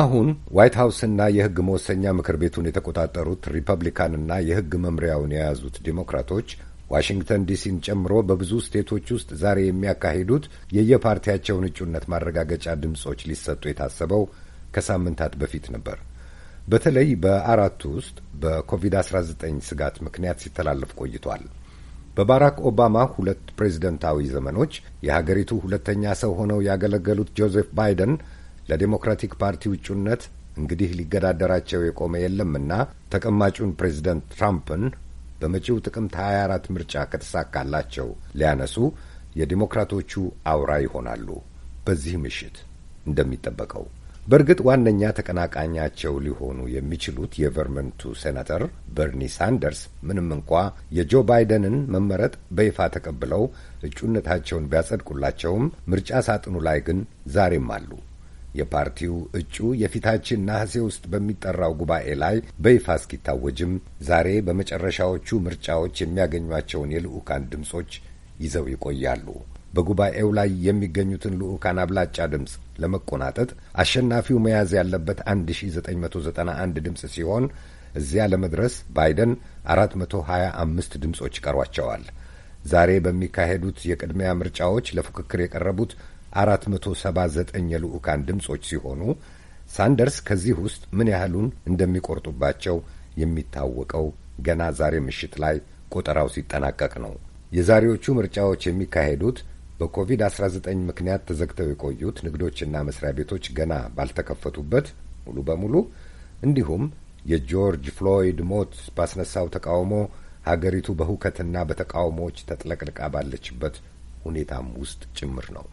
አሁን ዋይት ሀውስና የህግ መወሰኛ ምክር ቤቱን የተቆጣጠሩት ሪፐብሊካንና የህግ መምሪያውን የያዙት ዲሞክራቶች ዋሽንግተን ዲሲን ጨምሮ በብዙ ስቴቶች ውስጥ ዛሬ የሚያካሂዱት የየፓርቲያቸውን እጩነት ማረጋገጫ ድምጾች ሊሰጡ የታሰበው ከሳምንታት በፊት ነበር። በተለይ በአራቱ ውስጥ በኮቪድ-19 ስጋት ምክንያት ሲተላለፍ ቆይቷል። በባራክ ኦባማ ሁለት ፕሬዝደንታዊ ዘመኖች የሀገሪቱ ሁለተኛ ሰው ሆነው ያገለገሉት ጆዜፍ ባይደን ለዴሞክራቲክ ፓርቲ ውጩነት እንግዲህ ሊገዳደራቸው የቆመ የለምና ተቀማጩን ፕሬዚደንት ትራምፕን በመጪው ጥቅምት 24 ምርጫ ከተሳካላቸው ሊያነሱ የዲሞክራቶቹ አውራ ይሆናሉ። በዚህ ምሽት እንደሚጠበቀው በእርግጥ ዋነኛ ተቀናቃኛቸው ሊሆኑ የሚችሉት የቨርመንቱ ሴናተር በርኒ ሳንደርስ ምንም እንኳ የጆ ባይደንን መመረጥ በይፋ ተቀብለው እጩነታቸውን ቢያጸድቁላቸውም ምርጫ ሳጥኑ ላይ ግን ዛሬም አሉ። የፓርቲው እጩ የፊታችን ነሐሴ ውስጥ በሚጠራው ጉባኤ ላይ በይፋ እስኪታወጅም ዛሬ በመጨረሻዎቹ ምርጫዎች የሚያገኟቸውን የልዑካን ድምጾች ይዘው ይቆያሉ። በጉባኤው ላይ የሚገኙትን ልዑካን አብላጫ ድምፅ ለመቆናጠጥ አሸናፊው መያዝ ያለበት 1991 ድምፅ ሲሆን እዚያ ለመድረስ ባይደን 425 ድምጾች ቀሯቸዋል። ዛሬ በሚካሄዱት የቅድሚያ ምርጫዎች ለፉክክር የቀረቡት 479 የልዑካን ድምጾች ሲሆኑ ሳንደርስ ከዚህ ውስጥ ምን ያህሉን እንደሚቆርጡባቸው የሚታወቀው ገና ዛሬ ምሽት ላይ ቆጠራው ሲጠናቀቅ ነው። የዛሬዎቹ ምርጫዎች የሚካሄዱት በኮቪድ-19 ምክንያት ተዘግተው የቆዩት ንግዶችና መስሪያ ቤቶች ገና ባልተከፈቱበት ሙሉ በሙሉ እንዲሁም የጆርጅ ፍሎይድ ሞት ባስነሳው ተቃውሞ ሀገሪቱ በሁከትና በተቃውሞዎች ተጥለቅልቃ ባለችበት ሁኔታም ውስጥ ጭምር ነው።